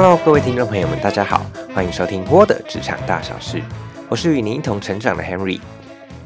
Hello，各位聽眾朋友們，大家好，歡迎收聽《窩的職場大小事》，我是與您一同成長的 Henry。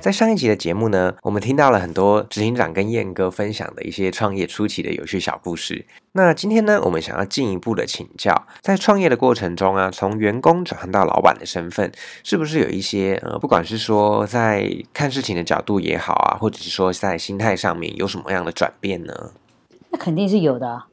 在上一集的節目呢，我們聽到了很多執行長跟燕哥分享的一些創業初期的有趣小故事。那今天呢，我們想要進一步的請教，在創業的過程中啊，從員工轉換到老板的身份，是不是有一些呃，不管是說在看事情的角度也好啊，或者是說在心態上面有什麼樣的轉變呢？那肯定是有的啊。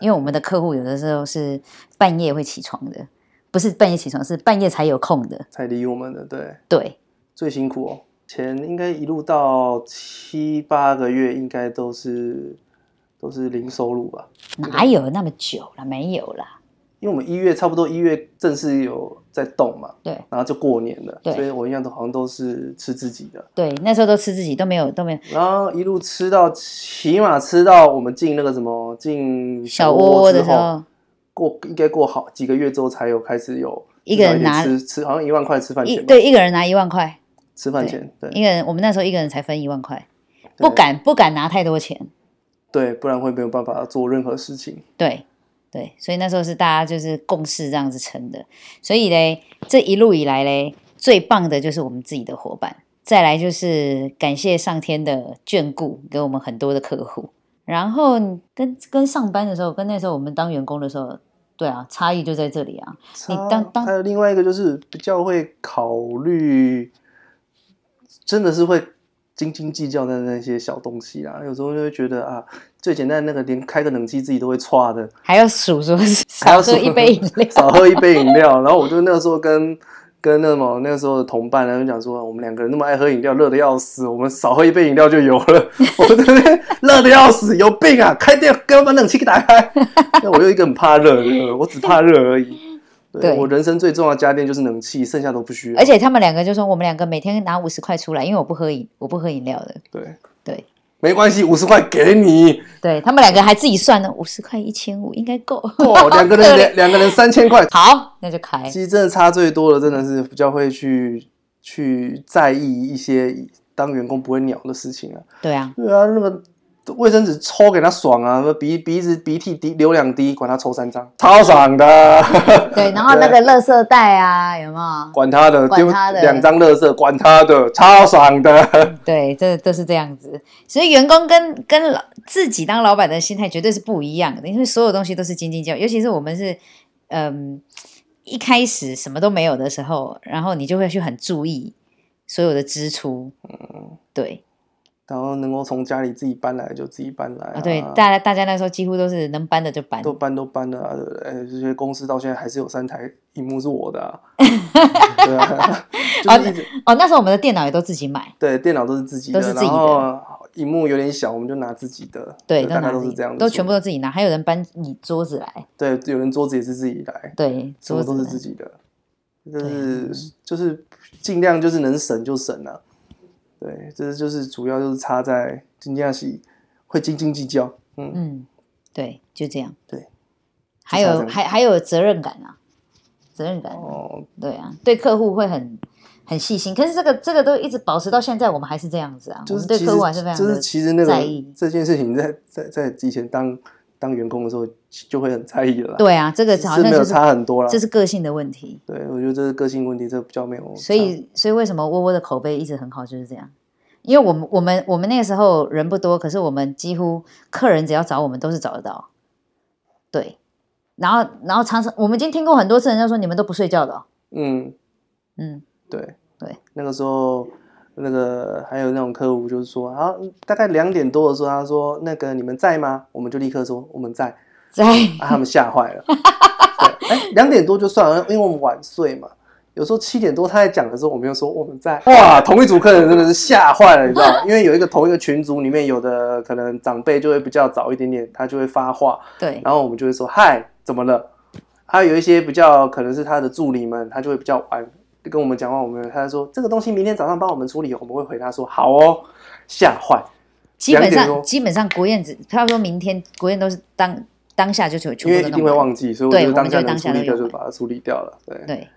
因為我們的客戶有的時候是半夜會起床的，不是半夜起床，是半夜才有空的，才理我們的，對，對，最辛苦哦，前應該一路到七八個月，應該都是都是零收入吧？對吧？哪有那麼久了？沒有了。因為我們一月差不多一月正式有在動嘛，對，然後就過年了，對，所以我印象都好像都是吃自己的，對，那時候都吃自己都沒有都沒有，然後一路吃到起碼吃到我們進那個什麼進小窩的時候，過應該過好幾個月之後才有開始有一個人拿吃吃好像一萬塊吃飯錢，對，一個人拿一萬塊吃飯錢，對，一個人我們那時候一個人才分一萬塊，不敢不敢拿太多錢，對，不然會沒有辦法做任何事情，對。對，所以那時候是大家就是共事這樣子成的，所以呢，這一路以來呢，最棒的就是我們自己的夥伴，再來就是感謝上天的眷顧，給我們很多的客戶。然後跟跟上班的時候，跟那時候我們當員工的時候，對啊，差異就在這裡啊。差你當當還有另外一個就是比較會考慮，真的是會斤斤計較的那些小東西啊，有時候就會覺得啊。最簡單的那個，連開個冷氣自己都會刷的。還要數什麼？少喝一杯飲料。少喝一杯飲料， 料。然後我就那個時候跟跟那個什麼那個時候的同伴呢，然後就講說，我們兩個人那麼愛喝飲料，熱的要死，我們少喝一杯飲料就有了。我這邊熱的要死，有病啊！開電，給我把冷氣給打開。 那我又一個很怕熱，我只怕熱而已。對，對我人生最重要的家電就是冷氣，剩下都不需要。而且他們兩個就說，我們兩個每天拿五十塊出來，因為我不喝飲，我不喝飲料的。對對。對沒關係，五十塊給你。對，他們兩個還自己算呢，五十塊一千五應該夠。夠哇，兩好個人兩兩個人三千塊。好，那就開。其實真的差最多的，真的是比較會去去在意一些當員工不會鳥的事情啊。對啊，對啊，那個。衛生紙抽給他爽啊！鼻鼻子鼻涕滴流兩滴，管他抽三張，超爽的。 對，然後那個垃圾袋啊，有沒有？管他的，丟他的，兩張垃圾，管他的，超爽的。對，這都、就是這樣子。Mm hmm. 所以員工跟跟老自己當老板的心態絕對是不一樣的，因為所有東西都是斤斤計較，尤其是我們是，嗯、呃，一開始什麼都沒有的時候，然後你就會去很注意所有的支出。嗯、mm，hmm. 對。然後能夠從家裡自己搬來就自己搬來啊！哦、對，大大家那時候幾乎都是能搬的就搬，都搬都搬了，啊。呃，這、哎、些、就是、公司到現在還是有三台屏幕是我的，啊。哈哦，哦，那時候我們的電腦也都自己買，對，電腦都是自己的，都是自己的。然後螢幕有點小，我們就拿自己的。對，對都大家都是這樣子，都全部都自己拿。還有人搬你桌子來，對，有人桌子也是自己來，對，桌子都是自己的，就是對就是盡量就是能省就省了，啊。對，這就是主要就是差在金家系會斤斤計較，嗯嗯，對，就這樣。對，還有還還有責任感啊，責任感。哦，對啊，對客戶會很很細心，可是這個這個都一直保持到現在，我們還是這樣子啊，就是我們對客戶還是非常在意，就是就是其實那個。這件事情在在在以前當。當員工的時候就會很在意了，對啊，這個好像、就是，是沒有差很多了，這是個性的問題。對，我覺得這是個性問題，這個、比較沒有。所以，所以為什麼窩窩的口碑一直很好，就是這樣？因為我們我們我們那個時候人不多，可是我們幾乎客人只要找我們都是找得到。對，然後然後常常我們已經聽過很多次，人家說你們都不睡覺的、哦。嗯嗯，對、嗯、對，對那個時候。那個還有那種客戶，就是說，然後啊大概兩點多的時候，他說：“那個你們在嗎？”我們就立刻說：“我們在，在對。啊”把他們嚇壞了。哎，兩點多就算了，因為我們晚睡嘛。有時候七點多他在講的時候，我們又說：“我們在。”哇，同一組客人真的是嚇壞了，你知道嗎？因為有一個同一個群組裡面，有的可能長輩就會比較早一點點，他就會發話。對，然後我們就會說：“嗨，怎麼了？”還有一些比較可能是他的助理們，他就會比較晚。跟我們講話有有，我們他就說，這個東西明天早上幫我們處理，我們會回他說好哦，嚇壞、嗯。下壞基本上基本上國燕子要說明天國燕都是當當下就去去處理，因為一定會忘記，所以我們就當下就把它處理掉了。對，對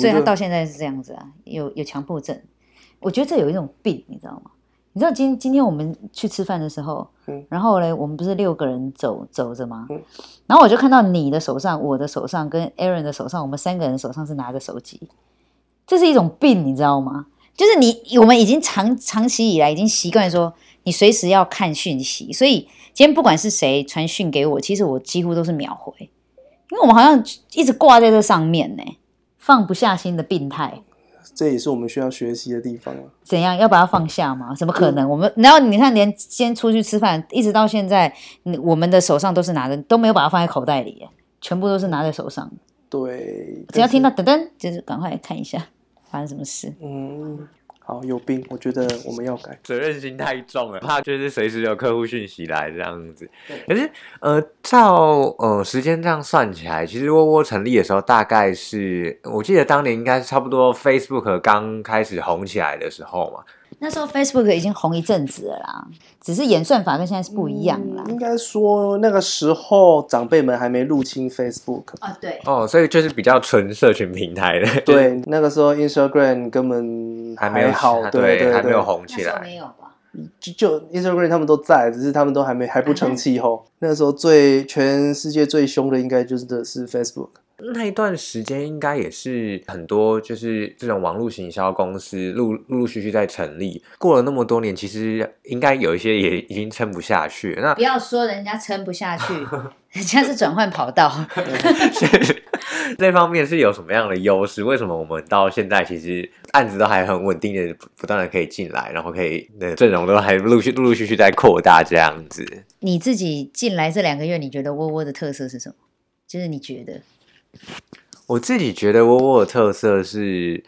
所以他到現在是這樣子啊，有有強迫症，我覺得這有一種病，你知道嗎？你知道今天今天我們去吃飯的時候，嗯、然後呢，我們不是六個人走走着嗎？然後我就看到你的手上、我的手上跟 Aaron 的手上，我們三個人的手上是拿着手機。這是一種病，你知道嗎？就是你，我們已經長長期以來已經習慣說，你隨時要看訊息，所以今天不管是誰傳訊給我，其實我幾乎都是秒回，因為我們好像一直掛在這上面呢，放不下心的病態。這也是我們需要學習的地方啊。怎樣？要把它放下嗎？怎麼可能？嗯、我們然後你看，連今天出去吃飯，一直到現在，我們的手上都是拿着，都沒有把它放在口袋裡，全部都是拿在手上。對。只要聽到噔噔，就是趕快看一下。發生什麼事？嗯，好有病，我覺得我們要改，責任心太重了，怕就是隨時有客戶訊息來這樣子。可是，呃，照呃時間這樣算起來，其實窩窩成立的時候，大概是我記得當年應該是差不多 Facebook 剛開始紅起來的時候嘛。那時候 Facebook 已經紅一陣子了啦，只是演算法跟現在是不一樣啦。嗯、應該說那個時候長輩們還沒入侵 Facebook 啊、哦，對哦，所以就是比較純社群平台的。對，那個時候 Instagram 根本還好，還沒有，對、對，還沒有紅起來，沒有吧？就就 Instagram 他們都在，只是他們都還沒還不成氣候。嗯、那個時候最全世界最凶的應該就是的是 Facebook。那一段時間應該也是很多，就是這種網絡行銷公司陸陸陸續續在成立。過了那麼多年，其實應該有一些也已經撐不下去。那不要說人家撐不下去，人家是轉換跑道。這方面是有什麼樣的優勢？為什麼我們到現在其實案子都還很穩定的，不斷的可以進來，然後可以那陣容都還陸續陸陸續續在擴大這樣子。你自己進來這兩個月，你覺得窩窩的特色是什麼？就是你覺得。我自己覺得窩窩的特色是，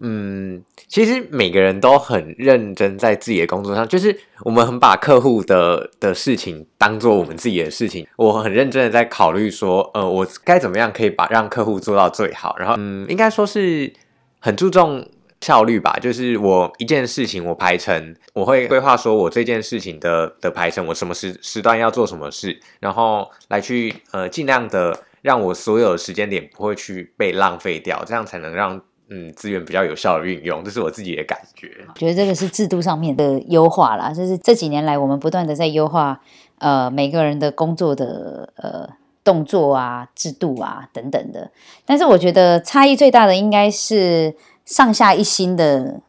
嗯，其實每個人都很認真在自己的工作上，就是我們很把客戶的的事情當做我們自己的事情。我很認真的在考慮說，呃，我該怎麼樣可以把讓客戶做到最好。然後，嗯，應該說是很注重效率吧，就是我一件事情我排程，我會規劃說我這件事情的的排程，我什麼時時段要做什麼事，然後來去呃盡量的。讓我所有的時間點不會去被浪費掉，這樣才能讓嗯資源比較有效的運用，這是我自己的感覺。我覺得這個是制度上面的優化啦，就是這幾年來我們不斷的在優化呃每個人的工作的呃動作啊、制度啊等等的。但是我覺得差異最大的應該是上下一心的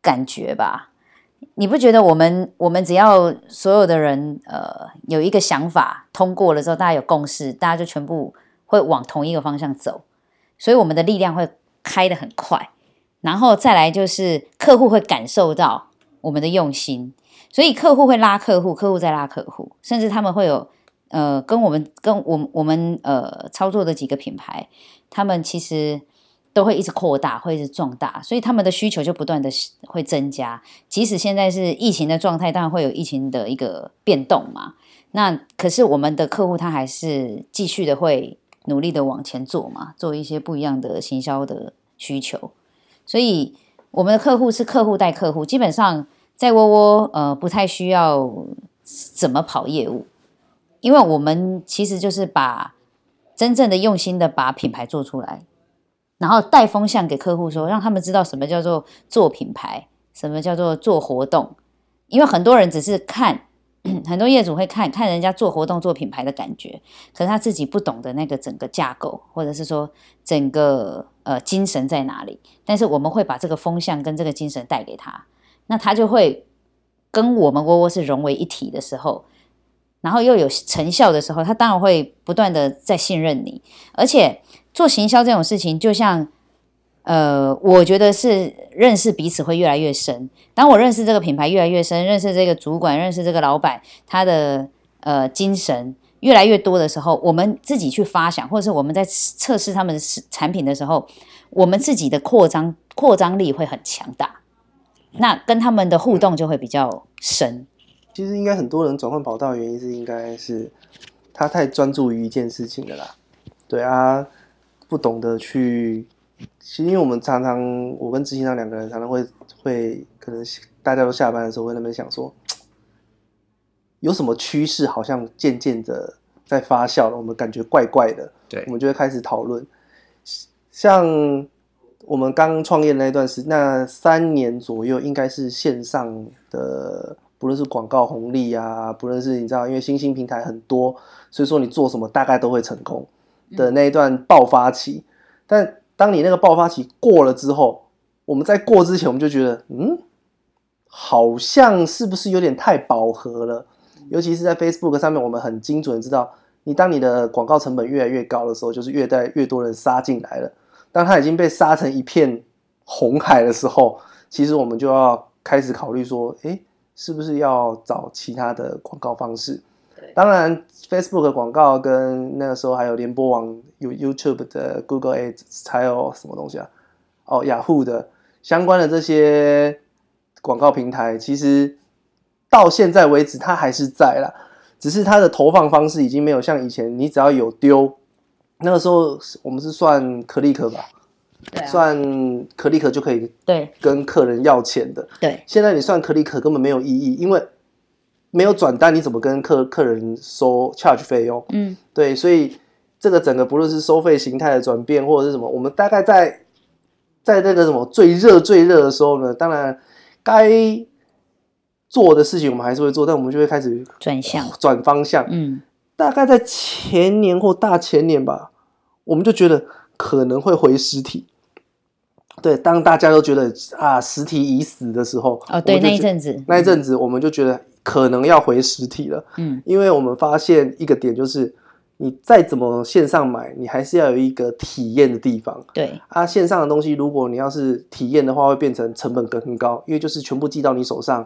感覺吧？你不覺得我們我們只要所有的人呃有一個想法通過了之後，大家有共識，大家就全部。會往同一個方向走，所以我們的力量會開得很快，然後再來就是客戶會感受到我們的用心，所以客戶會拉客戶，客戶再拉客戶，甚至他們會有呃跟我們跟我我們呃操作的幾個品牌，他們其實都會一直擴大，會一直壯大，所以他們的需求就不斷的會增加。即使現在是疫情的狀態，當然會有疫情的一個變動嘛，那可是我們的客戶他還是繼續的會。努力的往前做嘛，做一些不一樣的行銷的需求，所以我們的客戶是客戶帶客戶，基本上在窩窩，呃，不太需要怎麼跑業務，因為我們其實就是把真正的用心的把品牌做出來，然後帶風向給客戶說，讓他們知道什麼叫做做品牌，什麼叫做做活動，因為很多人只是看。很多業主會看看人家做活動、做品牌的感覺，可是他自己不懂得那個整個架構，或者是說整個呃精神在哪裡。但是我們會把這個風向跟這個精神帶給他，那他就會跟我們窩窩是融為一體的時候，然後又有成效的時候，他當然會不斷的再信任你。而且做行銷這種事情，就像。呃，我覺得是認識彼此會越來越深。當我認識這個品牌越來越深，認識這個主管，認識這個老闆，他的呃精神越來越多的時候，我們自己去發想，或者是我們在測試他們的產品的時候，我們自己的擴張擴張力會很強大。那跟他們的互動就會比較深。其實應該很多人轉換跑道的原因是，應該是他太專注於一件事情了啦。對啊，不懂得去。其實，因為我們常常，我跟執行長兩個人常常會會可能大家都下班的時候會那邊想說，有什麼趨勢好像漸漸的在發酵了，我們感覺怪怪的，對，我們就會開始討論。對像我們剛創業的那一段時間，那三年左右，應該是線上的，不論是廣告紅利啊，不論是你知道，因為新興平台很多，所以說你做什麼大概都會成功的那一段爆發期，但。當你那個爆發期過了之後，我們在過之前，我們就覺得，嗯，好像是不是有點太飽和了？尤其是在 Facebook 上面，我們很精準知道，你當你的廣告成本越來越高的時候，就是越帶越多人殺進來了。當他已經被殺成一片紅海的時候，其實我們就要開始考慮說，誒，是不是要找其他的廣告方式？對當然，Facebook 的廣告跟那個時候還有聯播網、有 YouTube 的、Google Ads，還有什麼東西啊？哦，雅虎的相關的這些廣告平台，其實到現在為止它還是在啦。只是它的投放方式已經沒有像以前，你只要有丟，那個時候我們是算 click 吧？對啊，算 click 就可以跟客人要錢的。對，現在你算 click 根本沒有意義，因為。沒有轉單，你怎麼跟客客人收 charge 費用？哦？嗯，對，所以這個整個不論是收費形態的轉變或者是什麼，我們大概在在那個什麼最熱最熱的時候呢，當然該做的事情我們還是會做，但我們就會開始轉向轉方向。嗯，大概在前年或大前年吧，我們就覺得可能會回實體。對，當大家都覺得啊實體已死的時候，哦，對，那一陣子那一陣子我們就覺得。嗯嗯可能要回實體了，嗯，因為我們發現一個點就是，你再怎麼線上買，你還是要有一個體驗的地方。對啊，線上的東西，如果你要是體驗的話，會變成成本更高，因為就是全部寄到你手上，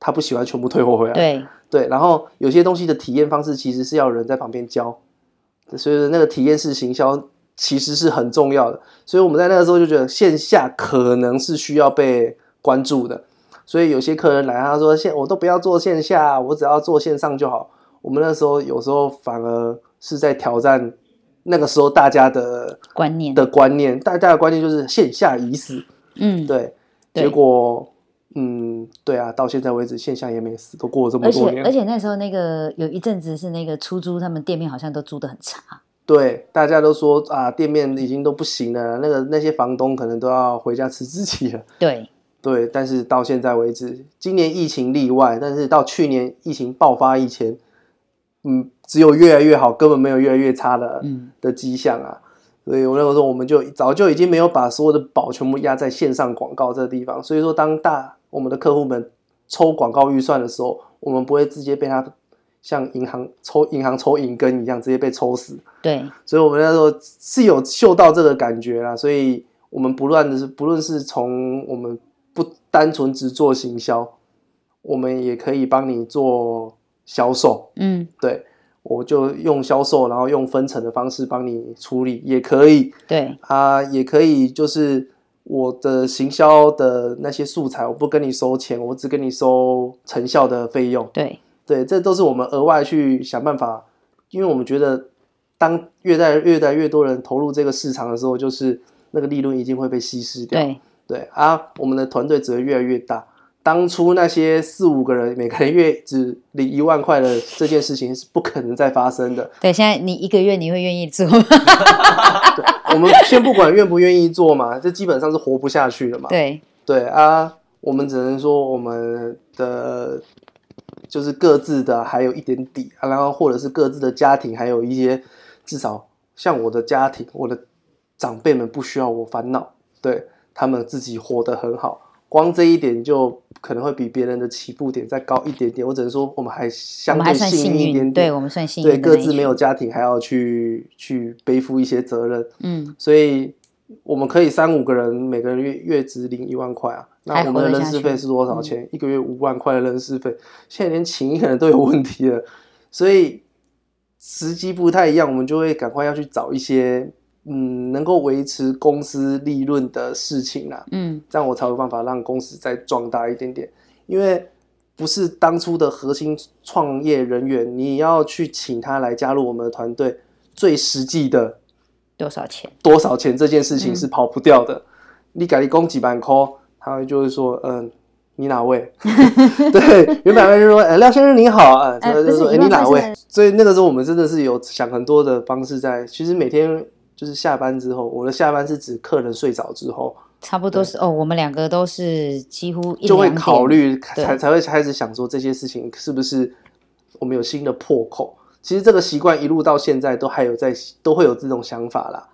他不喜歡全部退貨回來。對對，然後有些東西的體驗方式其實是要人在旁邊教，所以說那個體驗式行銷其實是很重要的。所以我們在那個時候就覺得線下可能是需要被關注的。所以有些客人來，他說，線我都不要做線下，我只要做線上就好。我們那時候有時候反而是在挑戰那個時候大家的觀念的觀念，大家的觀念就是線下已死。嗯，對。結果對嗯，對啊，到現在為止線下也沒死，都過了這麼多年。而且，而且那時候那個有一陣子是那個出租，他們店面好像都租得很差。對，大家都說啊，店面已經都不行了。那個那些房東可能都要回家吃自己了。對。對，但是到現在為止，今年疫情例外，但是到去年疫情爆發以前，嗯，只有越來越好，根本沒有越來越差的，嗯，的跡象啊。所以，我那時候我們就早就已經沒有把所有的寶全部押在線上廣告這個地方。所以說，當大我們的客戶們抽廣告預算的時候，我們不會直接被他像銀行抽銀行抽銀根一樣直接被抽死。對，所以我們那時候是有嗅到這個感覺啦。所以，我們不斷的是，不論是從我們。單純只做行銷，我們也可以幫你做銷售。嗯，對，我就用銷售，然後用分成的方式幫你處理，也可以。對啊，也可以，就是我的行銷的那些素材，我不跟你收錢，我只跟你收成效的費用。對對，這都是我們額外去想辦法，因為我們覺得，當越在越來越多人投入這個市場的時候，就是那個利潤一定會被稀釋掉。對。對啊，我們的團隊只會越來越大。當初那些四五個人，每個人月只領一萬塊的這件事情是不可能再發生的。對，現在你一個月你會願意做嗎？ 對，我們先不管願不願意做嘛，這基本上是活不下去了嘛。對對啊，我們只能說我們的就是各自的還有一點底，啊，然後或者是各自的家庭還有一些，至少像我的家庭，我的長輩們不需要我煩惱。對。他們自己活得很好，光這一點就可能會比別人的起步點再高一點點。我只能說，我們還相對幸運，幸運一點，點，對我們算幸運，對各自沒有家庭，還要去去背負一些責任。嗯，所以我們可以三五個人，每個人月月值領一萬塊啊。那我們的人事費是多少錢？嗯、一個月五萬塊的人事費，現在連請人可能都有問題了。所以時機不太一樣，我們就會趕快要去找一些。嗯，能夠維持公司利潤的事情啦、啊。嗯，這樣我才有辦法讓公司再壯大一點點。因為不是當初的核心創業人員，你要去請他來加入我們的團隊，最實際的多少錢？多少錢這件事情是跑不掉的。嗯，你給一公幾萬塊他會就是說，嗯，你哪位？ 對，原本就說，欸、廖先生你好啊，他就，就說，哎，呃欸，你哪位？所以那個時候我們真的是有想很多的方式在，其實每天。就是下班之後，我的下班是指客人睡着之後，差不多是對哦，我們兩個都是幾乎一就會考慮，對才才會開始想說這些事情是不是我們有新的破口。其實這個習慣一路到現在都還有在，都會有這種想法啦。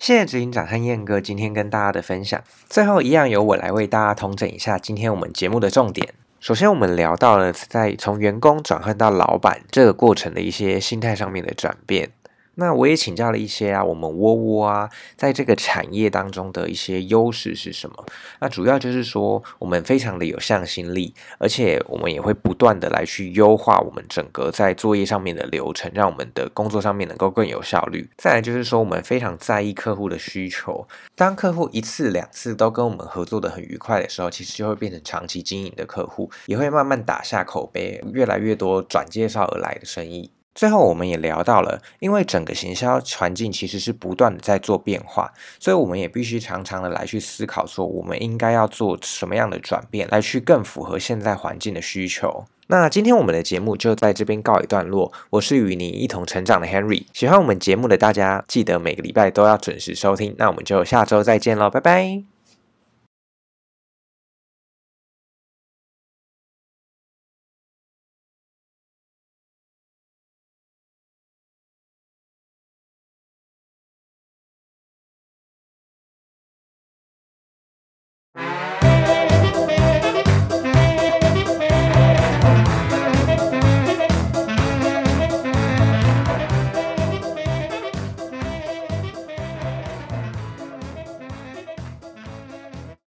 謝謝執行長和燕哥今天跟大家的分享，最後一樣由我來為大家統整一下今天我們節目的重點。首先我們聊到了在從員工轉換到老闆這個過程的一些心態上面的轉變。那我也請教了一些啊，我們窩窩啊，在這個產業當中的一些優勢是什麼？那主要就是說，我們非常的有向心力，而且我們也會不斷的來去優化我們整個在作業上面的流程，讓我們的工作上面能夠更有效率。再來就是說，我們非常在意客戶的需求。當客戶一次兩次都跟我們合作得很愉快的時候，其實就會變成長期經營的客戶，也會慢慢打下口碑，越來越多轉介紹而來的生意。最後，我們也聊到了，因為整個行銷環境其實是不斷的在做變化，所以我們也必須常常的來去思考，說我們應該要做什麼樣的轉變，來去更符合現在環境的需求。那今天我們的節目就在這邊告一段落，我是與你一同成長的 Henry。喜歡我們節目的大家，記得每個禮拜都要準時收聽。那我們就下周再見嘍，拜拜。